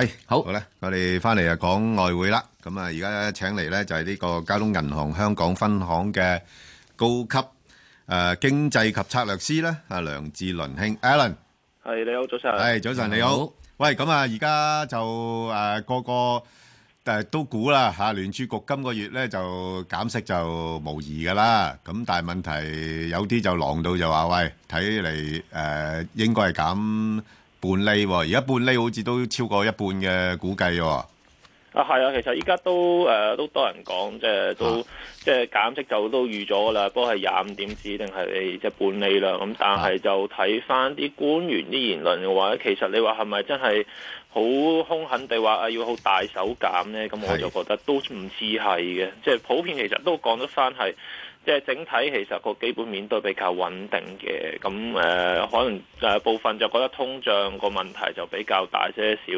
係好好咧，我哋翻嚟啊，講外匯啦。咁啊，而家請嚟咧就係呢個交通銀行香港分行嘅高級誒經濟及策略師咧，阿梁志麟兄 Alan。係你好，早晨。係早晨，你好。喂，咁啊，而家就誒個個誒都估啦吓，聯儲局今個月咧就減息就無疑噶啦。咁但係問題有啲就狼到就話喂，睇嚟誒應該係減。半厘喎，而家半厘好似都超過一半嘅估計喎、哦。啊，係啊，其實依家都誒、呃、都多人講，即係都、啊、即係減息就都預咗噶啦。不過係廿五點子定係、哎、即係半厘啦。咁但係就睇翻啲官員啲言論嘅話，其實你話係咪真係好兇狠地話啊，要好大手減咧？咁我就覺得都唔似係嘅，即係普遍其實都講得翻係。即係整體其實個基本面都比較穩定嘅，咁誒、呃、可能誒部分就覺得通脹個問題就比較大些少，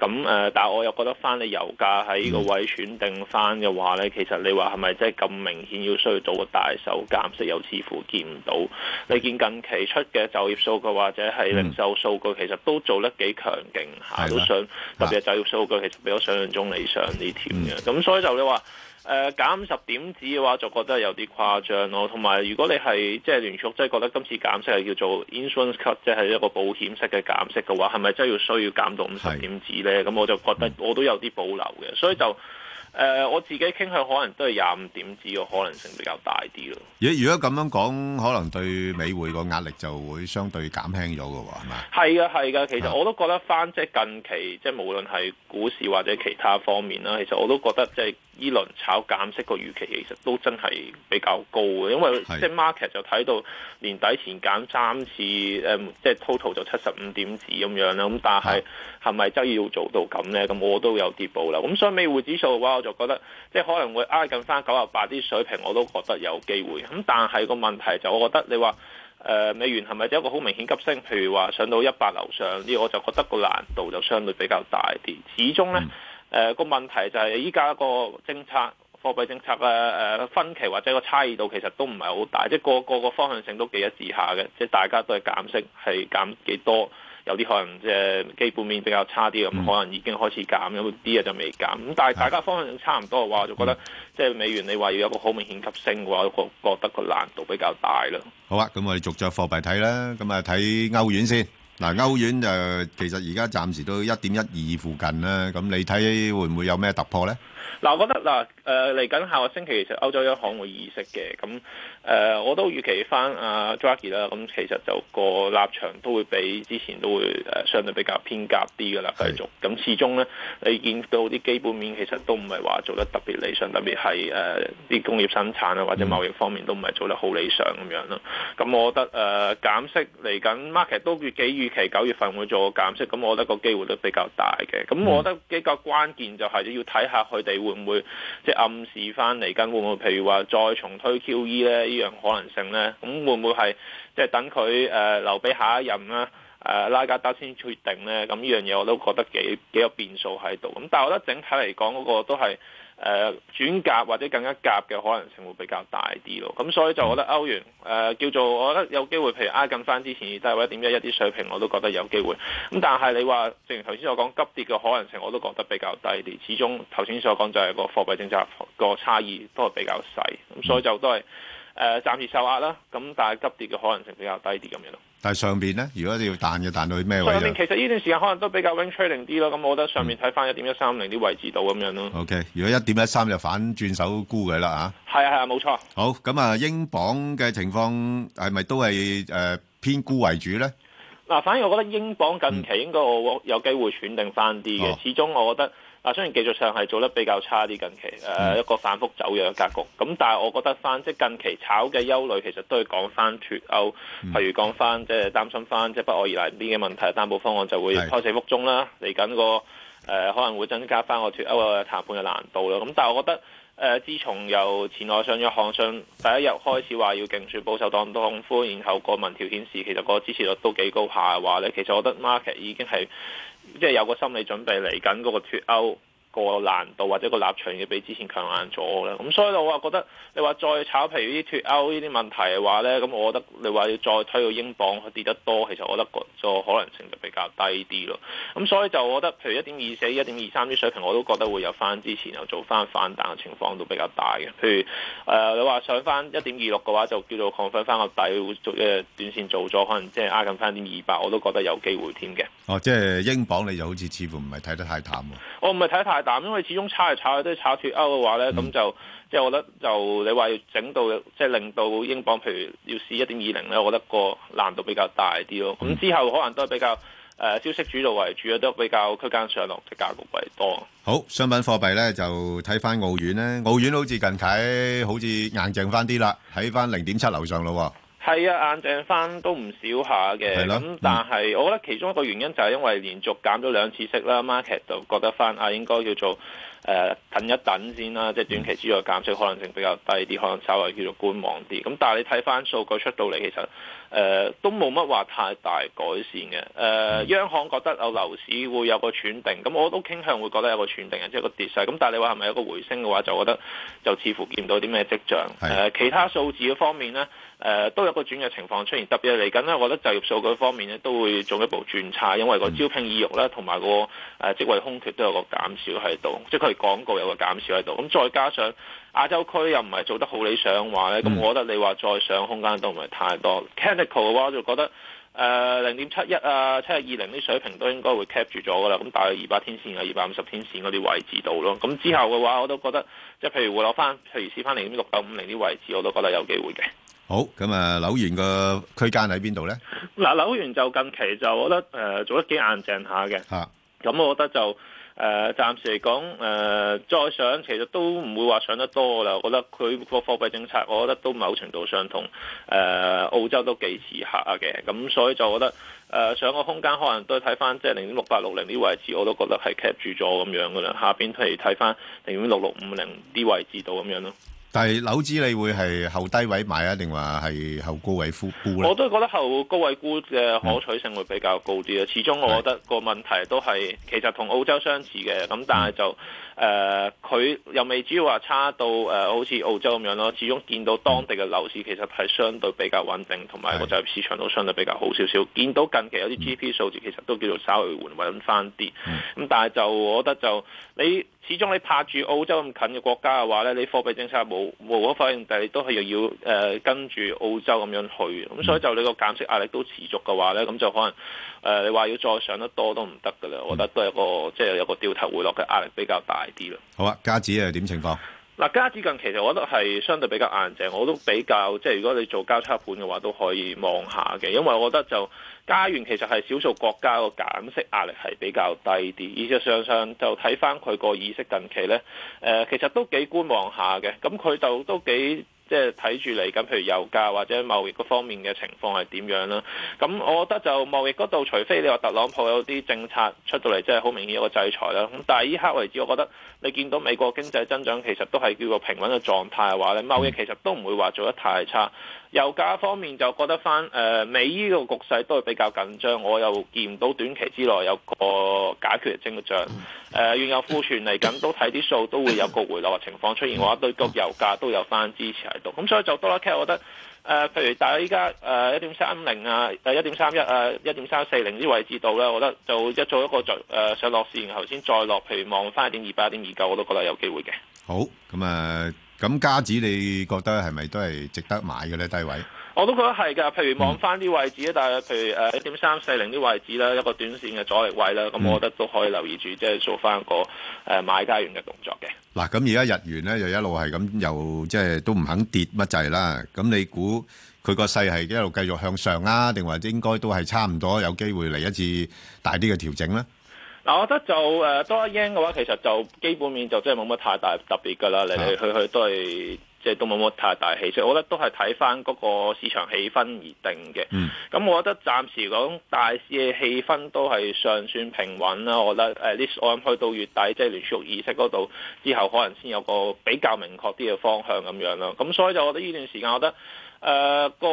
咁誒、呃，但我又覺得翻你油價喺呢個位選定翻嘅話咧，嗯、其實你話係咪即係咁明顯要需要做個大手減息，又似乎見唔到？你見近期出嘅就業數據或者係零售數據，其實都做得幾強勁下，嗯、都想特別係就業數據其實比我想像中理想啲啲嘅，咁、嗯、所以就你話。誒、呃，減五十點子嘅話就覺得有啲誇張咯。同埋，如果你係即係連續，即係覺得今次減息係叫做 insurance cut，即係一個保險式嘅減息嘅話，係咪真係要需要減到五十點子咧？咁是我就覺得我都有啲保留嘅。嗯、所以就誒、呃，我自己傾向可能都係廿五點子嘅可能性比較大啲咯。如果如果咁樣講，可能對美匯個壓力就會相對減輕咗嘅，係嘛？係嘅，係嘅。其實我都覺得翻，即係近期，即係無論係股市或者其他方面啦，其實我都覺得即、就、係、是。呢輪炒減息個預期其實都真係比較高嘅，因為即係 market 就睇到年底前減三次，誒即係 total 就七十五點子咁樣啦。咁但係係咪真要做到咁呢？咁我都有啲步啦。咁所以美匯指數嘅話，我就覺得即係可能會挨近返九十八啲水平，我都覺得有機會。咁但係個問題就，我覺得你話誒、呃、美元係咪就一個好明顯急升？譬如話上到一百樓上呢，我就覺得個難度就相對比較大啲。始終呢。嗯誒個、呃、問題就係依家個政策貨幣政策啊誒、呃、分歧或者個差異度其實都唔係好大，即係個個個方向性都幾一致下嘅，即係大家都係減息，係減幾多，有啲可能即係基本面比較差啲咁，嗯、可能已經開始減，有啲嘢就未減。咁但係大家方向性差唔多嘅話，我就覺得、嗯、即係美元你話要有一個好明顯急升嘅話，我覺得個難度比較大咯。好啊，咁我哋逐隻貨幣睇啦，咁啊睇歐元先。嗱，歐元就其實而家暫時都一點一二附近啦，咁你睇會唔會有咩突破咧？嗱，我覺得嗱，誒嚟緊下個星期其實歐洲央行會議息嘅，咁誒、呃、我都預期返阿 Draghi 啦，咁、啊啊、其實就個立場都會比之前都會誒相對比較偏鴿啲嘅啦，繼續咁是始終咧你見到啲基本面其實都唔係話做得特別理想，特別係誒啲工業生產啊或者貿易方面都唔係做得好理想咁樣咯。咁、嗯、我覺得誒、呃、減息嚟緊 market 都越幾期九月份會做個減息，咁我覺得個機會率比較大嘅。咁我覺得比較關鍵就係要睇下佢哋會唔會即係、就是、暗示翻嚟，緊會唔會譬如話再重推 QE 呢呢樣可能性呢？咁會唔會係即係等佢誒、呃、留俾下一任啦？誒拉加德先決定呢，咁呢樣嘢我都覺得幾幾有變數喺度。咁但係我覺得整體嚟講，嗰、那個都係誒、呃、轉鴿或者更加鴿嘅可能性會比較大啲咯。咁所以就我覺得歐元誒、呃、叫做，我覺得有機會，譬如挨近翻之前都係或者點樣一啲水平，我都覺得有機會。咁但係你話，正如頭先所講，急跌嘅可能性我都覺得比較低啲。始終頭先所講就係個貨幣政策個差異都係比較細。咁所以就都係誒、呃、暫時受壓啦。咁但係急跌嘅可能性比較低啲咁樣咯。但係上邊咧，如果你要彈嘅，彈到去咩位咧？上邊其實呢段時間可能都比較 range trading 啲咯，咁我覺得上面睇翻一點一三零啲位置度咁樣咯。OK，如果一點一三就反轉手沽佢啦嚇。係啊係啊，冇、啊啊、錯。好咁啊，英鎊嘅情況係咪都係誒、呃、偏沽為主咧？嗱，反而我覺得英鎊近期應該我有機會轉定翻啲嘅，嗯哦、始終我覺得。啊，雖然技術上係做得比較差啲近，近期，誒、呃、一個反覆走樣嘅格局。咁但係我覺得翻，即係近期炒嘅憂慮其實都係講翻脫歐，嗯、譬如講翻即係擔心翻即係北愛爾蘭邊界嘅問題，擔保方案就會胎死腹中啦。嚟緊的、那個誒、呃、可能會增加翻個脫歐嘅談判嘅難度咯。咁但係我覺得誒、呃，自從由前外相約翰遜，第一日開始話要競選保守黨黨魁，然後個民調顯示其實個支持率都幾高下嘅話咧，其實我覺得 market 已經係。即係有個心理準備，嚟緊嗰個脱歐，個難度或者個立場要比之前強硬咗啦，咁所以我就覺得你話再炒譬如啲脱歐呢啲問題嘅話呢，咁我覺得你話要再推到英鎊佢跌得多，其實我覺得個可能性就比較低啲咯。咁所以就我覺得譬如一點二四、一點二三啲水平，我都覺得會有翻之前又做翻反彈嘅情況都比較大嘅。譬如誒、呃，你話上翻一點二六嘅話，就叫做 confirm 翻個底，會做嘅短線做咗，可能即係挨近翻點二八，我都覺得有機會添嘅。哦，即係英鎊你又好似似乎唔係睇得太淡喎。我唔係睇得太。但因為始終炒嚟炒去，都係炒脱歐嘅話咧，咁、嗯、就即係、就是、我覺得就你話要整到即係、就是、令到英鎊，譬如要試一點二零咧，我覺得個難度比較大啲咯。咁、嗯嗯、之後可能都係比較誒、呃、消息主導為主啊，都比較區間上落嘅格局為多。好，商品貨幣咧就睇翻澳元咧，澳元好似近睇好似硬淨翻啲啦，喺翻零點七樓上咯。係啊，硬淨翻都唔少下嘅，咁的、嗯、但係我覺得其中一個原因就係因為連續減咗兩次息啦，market 就覺得翻啊，應該叫做誒、呃、等一等先啦，即係短期之外減息可能性比較低啲，可能稍微叫做觀望啲。咁、嗯、但係你睇翻數據出到嚟，其實。誒、呃、都冇乜話太大改善嘅，誒、呃、央行覺得有樓市會有個喘定，咁我都傾向會覺得有個喘定嘅，即、就、係、是、個跌勢。咁但係你話係咪有個回升嘅話，就覺得就似乎見唔到啲咩跡象。誒的、呃、其他數字方面呢，誒、呃、都有個轉嘅情況出現，特別嚟緊呢，我覺得就業數據方面呢，都會進一步轉差，因為個招聘意欲咧同埋個誒職位空缺都有個減少喺度，即係佢哋廣告有個減少喺度，咁再加上。亞洲區又唔係做得好理想話咧，咁、嗯、我覺得你話再上空間都唔係太多。Technical 嘅話我就覺得誒零點七一啊、七二零啲水平都應該會 cap 住咗噶啦，咁大概二百天線啊、二百五十天線嗰啲位置度咯。咁之後嘅話我都覺得即係譬如會攞翻，譬如試翻零點六九五零啲位置，我都覺得有機會嘅。好，咁啊，紐元個區間喺邊度咧？嗱，紐元就近期就我覺得誒、呃、做得幾硬淨下嘅，咁、啊嗯、我覺得就。誒，uh, 暫時嚟講，誒、uh, 再上其實都唔會話上得多噶啦。我覺得佢個貨幣政策，我覺得都某程度上相同。誒、uh，澳洲都幾遲下嘅，咁所以就覺得誒、uh, 上個空間可能都睇翻即係零點六八六零啲位置，我都覺得係 cap 住咗咁樣噶啦。下邊譬如睇翻零點六六五零啲位置度咁樣咯。但係樓市，你會係後低位買啊，定話係後高位沽咧？我都覺得後高位沽嘅可取性會比較高啲啊。嗯、始終，我覺得個問題都係的其實同澳洲相似嘅，咁但係就。誒佢、呃、又未至於話差到誒、呃，好似澳洲咁樣咯。始終見到當地嘅樓市其實係相對比較穩定，同埋個就業市場都相對比較好少少。見到近期有啲 GDP 數字其實都叫做稍為緩穩翻啲。咁、嗯、但係就我覺得就你始終你拍住澳洲咁近嘅國家嘅話咧，你貨幣政策冇冇咗反應，但你都係又要誒、呃、跟住澳洲咁樣去。咁所以就你個減息壓力都持續嘅話咧，咁就可能。誒、呃，你話要再上得多都唔得噶啦，嗯、我覺得都係一個即係、就是、有個調頭回落嘅壓力比較大啲啦。好啊，加指又點情況？嗱、啊，加指近期其實我覺得係相對比較硬淨，我都比較即係如果你做交叉盤嘅話，都可以望下嘅，因為我覺得就加元其實係少數國家個減息壓力係比較低啲，而且上上就睇返佢個意識近期咧，誒、呃，其實都幾觀望下嘅，咁佢就都幾。即係睇住嚟緊，譬如油價或者貿易嗰方面嘅情況係點樣啦。咁我覺得就貿易嗰度，除非你話特朗普有啲政策出到嚟，即係好明顯一個制裁啦。咁但係依刻為止，我覺得你見到美國經濟增長其實都係叫個平穩嘅狀態嘅話咧，貿易其實都唔會話做得太差。油價方面就覺得翻，誒美呢個局勢都係比較緊張，我又見唔到短期之內有個解決嘅徵象。誒、呃、原油庫存嚟緊都睇啲數，都會有個回落嘅情況出現嘅話，對局油價都有翻支持喺度。咁、嗯、所以就多啦，其實，我覺得誒、呃，譬如大家依家誒一點三零啊，誒一點三一啊，一點三四零啲位置度咧，我覺得就一做一個上誒、呃、上落線，然後先再落，譬如望翻一點二八、一點二九，我都覺得有機會嘅。好，咁啊。咁家子，你覺得係咪都係值得買嘅咧低位？我都覺得係㗎，譬如望翻啲位置咧，但係譬如誒一點三四零啲位置啦，一個短線嘅阻力位啦，咁我覺得都可以留意住，即係做翻個誒買家型嘅動作嘅。嗱，咁而家日元咧又一路係咁又即係都唔肯跌乜滯啦。咁你估佢個勢係一路繼續向上啦？定或者應該都係差唔多有機會嚟一次大啲嘅調整咧？嗱，我覺得就誒多一英嘅話，其實就基本面就真係冇乜太大特別噶啦，嚟嚟、嗯、去去都係即係都冇乜太大氣息。我覺得都係睇翻嗰個市場氣氛而定嘅。咁、嗯、我覺得暫時講大市嘅氣氛都係尚算平穩啦。我覺得誒，我諗去到月底即係、就是、聯儲議息嗰度之後，之後可能先有個比較明確啲嘅方向咁樣啦。咁所以就我覺得呢段時間，我覺得。誒、呃、個誒、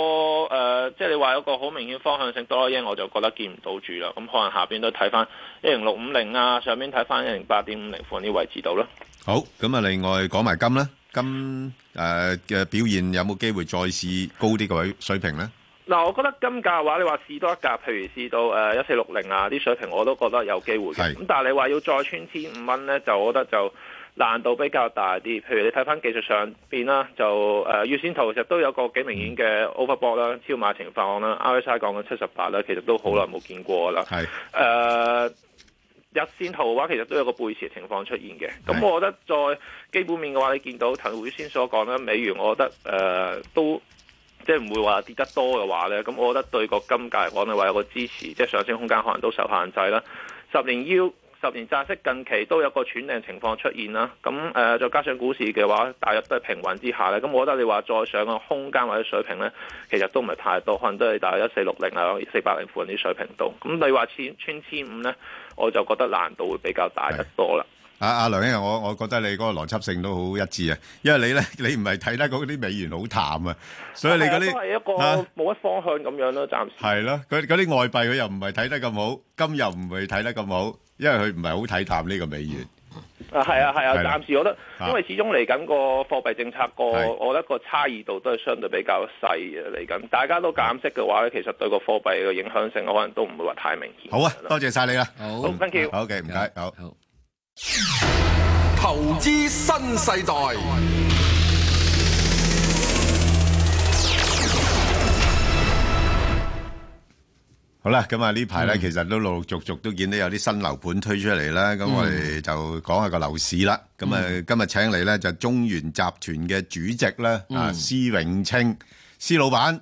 呃，即係你話有個好明顯方向性多呢？我就覺得見唔到住啦。咁、嗯、可能下邊都睇翻一零六五零啊，上邊睇翻一零八點五零附近啲位置度啦。好，咁啊，另外講埋金咧，金誒嘅、呃、表現有冇機會再試高啲個水平咧？嗱、呃，我覺得金價嘅話，你話試多一格，譬如試到誒一四六零啊啲水平，我都覺得有機會嘅。咁是但係你話要再穿千五蚊咧，就我覺得就。難度比較大啲，譬如你睇翻技術上邊啦，就誒、呃、月線圖其實都有個幾明顯嘅 overbought 啦、hmm. 超買情況啦，RSI 降緊七十八啦，SI、78, 其實都好耐冇見過啦。係誒、mm hmm. 呃、日線圖嘅話，其實都有個背馳情況出現嘅。咁、mm hmm. 我覺得在基本面嘅話，你見到頭會先所講啦，美元我覺得誒、呃、都即係唔會話跌得多嘅話咧，咁我覺得對個金價嚟講咧，你話有個支持，即、就、係、是、上升空間可能都受限制啦。十年 yield。十年債息近期都有個喘定情況出現啦，咁誒、呃、再加上股市嘅話，大約都係平穩之下咧，咁我覺得你話再上個空間或者水平咧，其實都唔係太多，可能都係大約一四六零啊、四百零附近啲水平度。咁你話穿千五咧，我就覺得難度會比較大得多啦。啊啊梁兄，我我覺得你嗰個邏輯性都好一致啊，因為你咧，你唔係睇得嗰啲美元好淡啊，所以你嗰啲係一個冇乜方向咁樣咯，暫時係咯，佢嗰啲外幣佢又唔係睇得咁好，金又唔係睇得咁好，因為佢唔係好睇淡呢個美元啊，係啊係啊，暫時我覺得，因為始終嚟緊個貨幣政策個我覺得個差異度都係相對比較細嘅，嚟緊大家都減息嘅話咧，其實對個貨幣嘅影響性可能都唔會話太明顯。好啊，多謝晒你啦，好，thank you，好嘅，唔該，好。投資新世代，好啦，咁啊呢排呢，其實都陸陸續續都見到有啲新樓盤推出嚟啦。咁我哋就講下個樓市啦。咁啊，今日請嚟呢就中原集團嘅主席啦啊，施永青施老闆。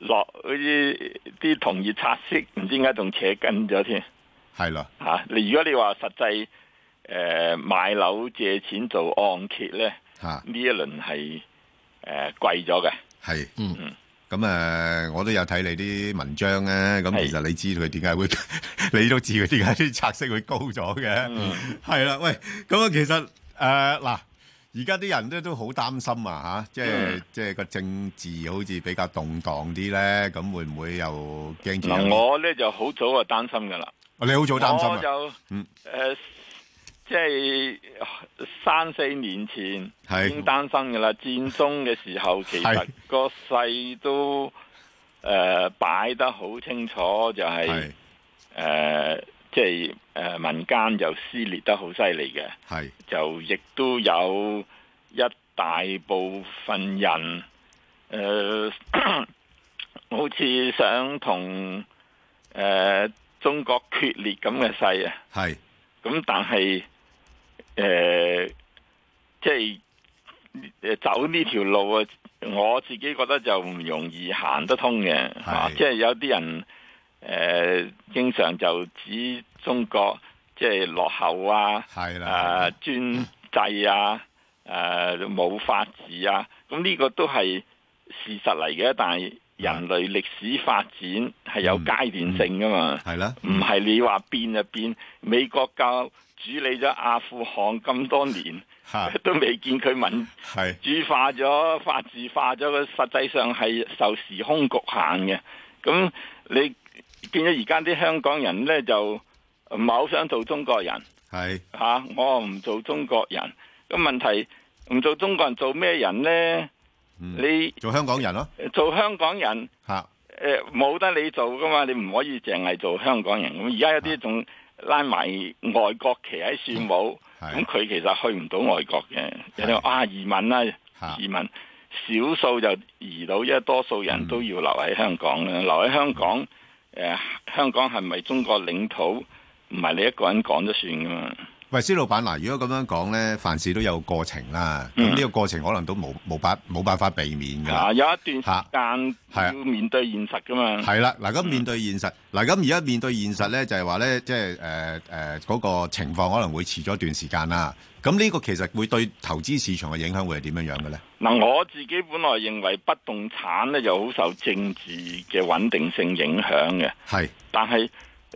落嗰啲啲同業拆息，唔知點解仲扯緊咗添？係咯嚇！啊、如你如果你話實際誒、呃、買樓借錢做按揭咧嚇，呢、啊、一輪係誒、呃、貴咗嘅。係嗯，咁誒、嗯、我都有睇你啲文章咧、啊，咁其實你知道佢點解會，的 你都知佢點解啲拆息會高咗嘅。嗯，係啦， 喂，咁啊，其實誒嗱。呃呃呃而家啲人咧都好擔心啊，吓，嗯、即係即係個政治好似比較動盪啲咧，咁會唔會又驚住？我咧就好早就擔心噶啦，你好早擔心？我就，誒、嗯呃，即係三四年前已經擔心噶啦，是戰爭嘅時候，其實個勢都誒擺、呃、得好清楚，就係、是、誒。是呃即係誒、呃，民間就撕裂得好犀利嘅，係是就亦都有一大部分人誒、呃， 好似想同誒、呃、中國決裂咁嘅勢啊，係咁是但係誒、呃，即係誒走呢條路啊，我自己覺得就唔容易行得通嘅，是即係有啲人。誒、呃，經常就指中國即係落後啊，係啦的，專、呃、制啊，誒、呃，冇法治啊，咁、嗯、呢個都係事實嚟嘅。但係人類歷史發展係有階段性噶嘛，係啦的，唔係你話變就變。美國教治理咗阿富汗咁多年，的都未見佢民係，主化咗的法治化咗，佢實際上係受時空局限嘅。咁、嗯、你？變咗而家啲香港人咧就唔係好想做中國人，係吓是、啊、我唔做中國人。咁問題唔做中國人做咩人咧？嗯、你做香港人咯？做香港人吓，誒冇得你做噶嘛？你唔可以淨係做香港人。咁而家有啲仲拉埋外國旗喺算，冇咁佢其實去唔到外國嘅。嗯、有啲話啊移民啦，移民少、啊、數、啊、就移到，因為多數人都要留喺香港啦，留喺香港。嗯誒，香港係咪中國領土？唔係，你一個人講咗算噶嘛？喂，施老闆，嗱，如果咁樣講咧，凡事都有過程啦。咁呢、嗯、個過程可能都無無，無法冇辦法避免噶。有一段時間係、啊、要面對現實噶嘛。係啦的，嗱、嗯，咁面對現實，嗱，咁而家面對現實咧，就係話咧，即係誒誒嗰個情況可能會遲咗一段時間啦。咁呢個其實會對投資市場嘅影響會係點樣樣嘅咧？嗱、嗯，我自己本來認為不動產咧就好受政治嘅穩定性影響嘅。係的，但係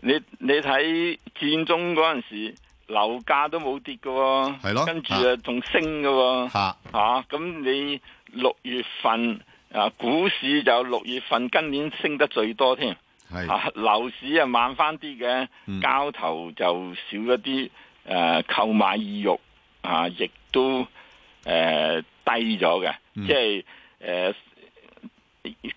你你睇佔中嗰陣時。樓價都冇跌嘅、哦，係咯跟住、哦、啊仲升嘅，吓咁、啊、你六月份啊，股市就六月份今年升得最多添，係、啊，樓是、啊、市啊慢翻啲嘅，嗯、交投就少一啲，誒、呃，購買意欲啊，亦都誒、呃、低咗嘅，嗯、即係誒，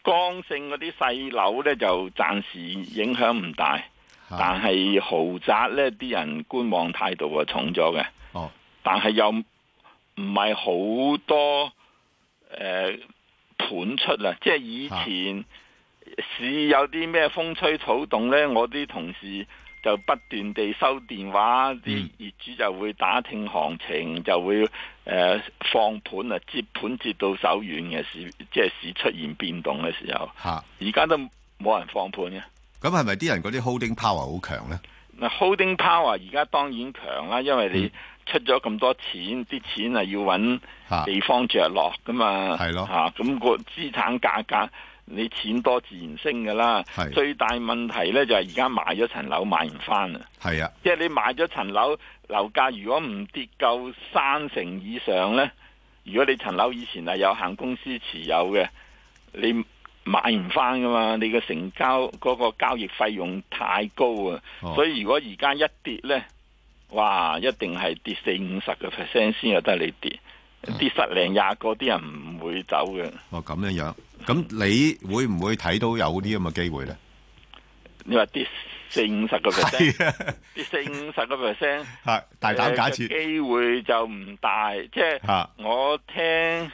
剛、呃、性嗰啲細樓呢，就暫時影響唔大。但係豪宅呢啲人觀望態度係重咗嘅。哦、但係又唔係好多誒盤、呃、出啦。即係以前市有啲咩風吹草動呢，我啲同事就不斷地收電話，啲、嗯、業主就會打聽行情，就會誒、呃、放盤啊，接盤接到手軟嘅市，即係市出現變動嘅時候。而家、啊、都冇人放盤嘅。咁係咪啲人嗰啲 holding power 好強呢？嗱，holding power 而家當然強啦，因為你出咗咁多錢，啲錢係要揾地方着落噶嘛。係咯的，吓咁、啊那個資產價格，你錢多自然升噶啦。的最大問題呢就係而家賣咗層樓買唔翻啦。係啊，的即係你賣咗層樓，樓價如果唔跌夠三成以上呢，如果你層樓以前係有限公司持有嘅，你買唔翻㗎嘛？你個成交嗰、嗰個交易費用太高啊！哦，所以如果而家一跌咧，哇，一定係跌四五十個 percent 先有得你跌，嗯，跌十零廿個，啲人唔會走嘅。哦，咁樣樣，咁你會唔會睇到有啲咁嘅機會咧？你話跌四五十個 percent，跌四五十個 percent，係大膽假設機會就唔大，即係，啊、我聽。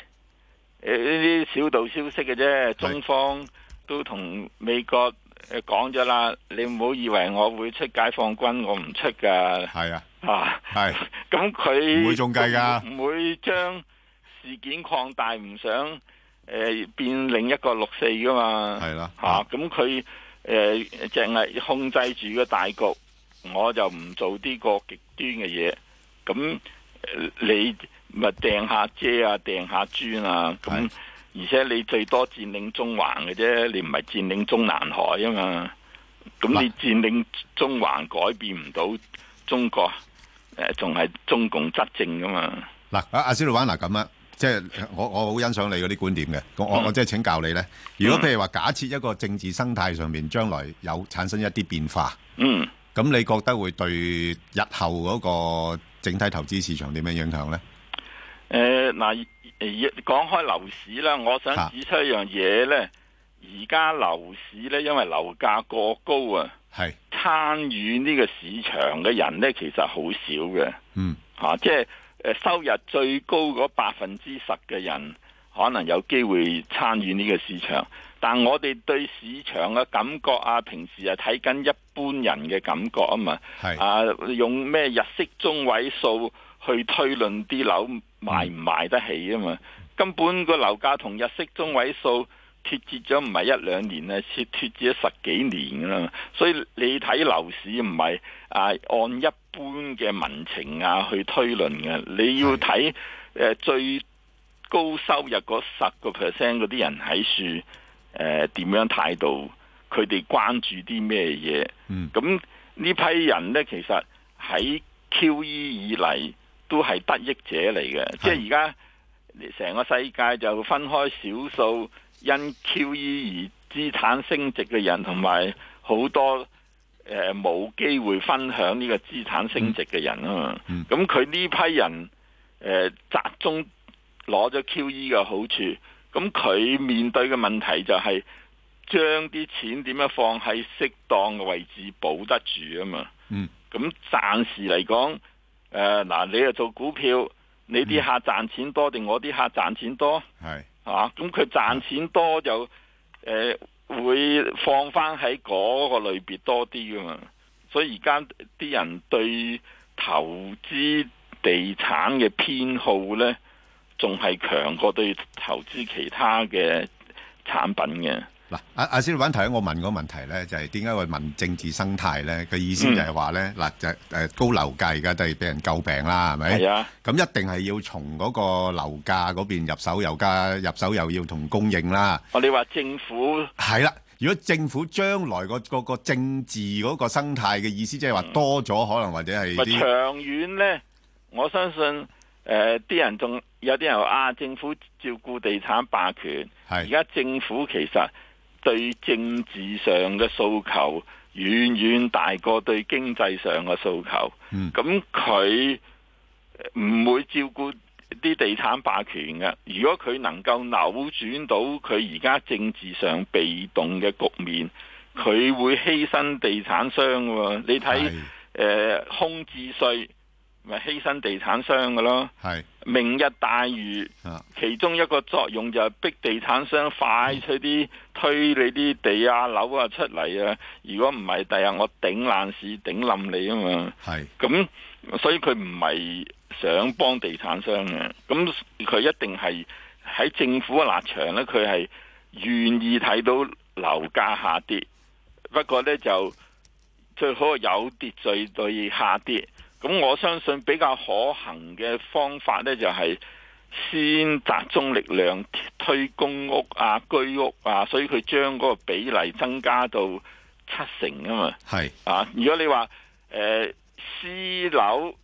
誒呢啲小道消息嘅啫，是中方都同美國誒講咗啦，你唔好以為我會出解放軍，我唔出噶。係啊，吓係、啊。咁佢唔會中計噶，唔會將事件擴大，唔想誒、呃、變另一個六四噶嘛。係啦、啊，吓咁佢誒、淨係、啊呃、控制住個大局，我就唔做呢個極端嘅嘢。咁你？咪掟下遮啊，掟下磚啊！咁、啊、而且你最多佔領中環嘅啫，你唔係佔領中南海啊嘛！咁你佔領中環改變唔到中國，誒仲係中共執政噶嘛？嗱，阿阿施老闆，嗱咁啊，即、啊、係、就是、我我好欣賞你嗰啲觀點嘅，我、嗯、我即係請教你咧。如果譬如話假設一個政治生態上面將來有產生一啲變化，嗯，咁你覺得會對日後嗰個整體投資市，市場點樣影響咧？誒、嗱、呃，講、呃、開樓市啦，我想指出一樣嘢呢，而家樓市呢，因為樓價過高啊，係參與呢個市場嘅人呢，其實好少嘅，嗯，吓、啊，即係、呃、收入最高嗰百分之十嘅人，可能有機會參與呢個市場，但我哋對市場嘅感覺啊，平時係睇緊一般人嘅感覺啊嘛，是啊，用咩日式中位數去推論啲樓。Mm hmm. 賣唔賣得起啊嘛？根本個樓價同入息中位數脫節咗，唔係一兩年咧，脫脫節咗十幾年噶啦。所以你睇樓市唔係啊按一般嘅民情啊去推論嘅，你要睇誒、mm hmm. 呃、最高收入嗰十個 percent 嗰啲人喺處誒點、呃、樣態度，佢哋關注啲咩嘢？嗯、mm，咁、hmm. 呢批人呢，其實喺 QE 以嚟。都係得益者嚟嘅，即係而家成個世界就分開少數因 QE 而資產升值嘅人，同埋好多誒冇機會分享呢個資產升值嘅人啊嘛。咁佢呢批人誒、呃、集中攞咗 QE 嘅好處，咁佢面對嘅問題就係將啲錢點樣放喺適當嘅位置保得住啊嘛。嗯、咁暫時嚟講。誒，嗱、呃，你又做股票，你啲客賺錢多定我啲客賺錢多？係，是啊，咁佢賺錢多就誒、呃，會放翻喺嗰個類別多啲㗎嘛。所以而家啲人對投資地產嘅偏好呢，仲係強過對投資其他嘅產品嘅。嗱，阿阿小雯，頭先我問個問題咧，就係點解會問政治生態咧？個意思就係話咧，嗱就誒高樓價而家都係俾人詬病啦，係咪？係啊！咁一定係要從嗰個樓價嗰邊入手，油價入手，又要同供應啦。哦，你話政府係啦，如果政府將來個個個政治嗰個生態嘅意思，即係話多咗可能或者係啲長遠咧，我相信誒啲人仲有啲人話啊，政府照顧地產霸權，係而家政府其實。對政治上嘅訴求遠遠大過對經濟上嘅訴求，咁佢唔會照顧啲地產霸權嘅。如果佢能夠扭轉到佢而家政治上被動嘅局面，佢會犧牲地產商嘅。你睇，誒是、呃，空置稅。咪犧牲地產商噶咯，係是明日大嶼其中一個作用就係逼地產商快脆啲推你啲地啊樓啊，嗯、出嚟啊，如果唔係第日我頂爛市頂冧你啊嘛，係咁是所以佢唔係想幫地產商嘅，咁佢一定係喺政府嘅立場呢。佢係願意睇到樓價下跌，不過呢，就最好有秩序噉下跌。咁我相信比較可行嘅方法咧，就係先集中力量推公屋啊、居屋啊，所以佢將嗰個比例增加到七成啊嘛。係啊，如果你話誒私樓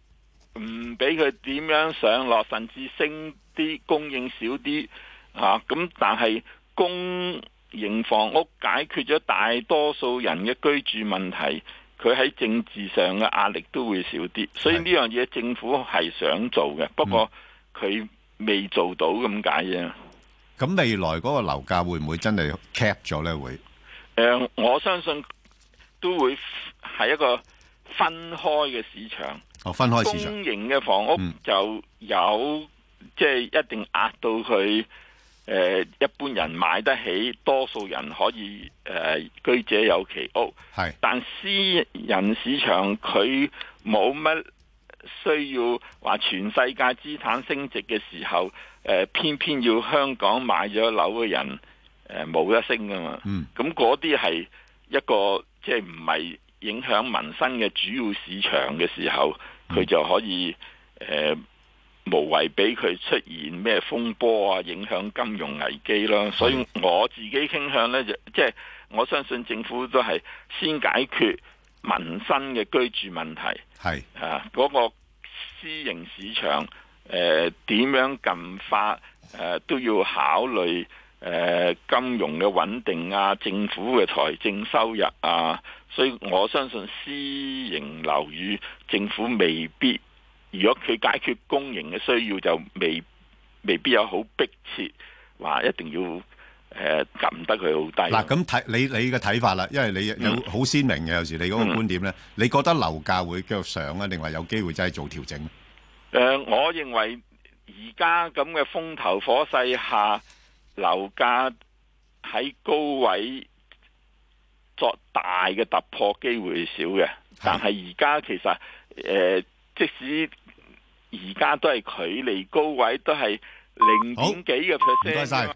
唔俾佢點樣上落，甚至升啲供應少啲啊，咁但係公營房屋解決咗大多數人嘅居住問題。佢喺政治上嘅壓力都會少啲，所以呢樣嘢政府係想做嘅，不過佢未做到咁解啫。咁、嗯、未來嗰個樓價會唔會真係 cap 咗呢？會誒、呃，我相信都會係一個分開嘅市場。哦，分開市場，公營嘅房屋就有、嗯、即係一定壓到佢。誒、呃、一般人買得起，多數人可以誒、呃、居者有其屋。係是，但私人市場佢冇乜需要話全世界資產升值嘅時候，誒、呃、偏偏要香港買咗樓嘅人誒冇、呃、得升㗎嘛。嗯，咁嗰啲係一個即係唔係影響民生嘅主要市場嘅時候，佢就可以誒。嗯呃無謂俾佢出現咩風波啊，影響金融危機啦，所以我自己傾向呢，就即係我相信政府都係先解決民生嘅居住問題，係是啊，嗰、那個私營市場誒點、呃、樣撳法誒都要考慮誒、呃、金融嘅穩定啊，政府嘅財政收入啊，所以我相信私營樓宇政府未必。如果佢解決公營嘅需要，就未未必有好迫切，話一定要誒撳、呃、得佢好低。嗱、啊，咁睇你你嘅睇法啦，因為你有好鮮明嘅，嗯、有時你嗰個觀點咧，你覺得樓價會繼續上咧，定話有機會真係做調整？誒、呃，我認為而家咁嘅風頭火勢下，樓價喺高位作大嘅突破機會少嘅，但係而家其實誒、呃，即使而家都係距離高位都係零點幾個 percent。謝謝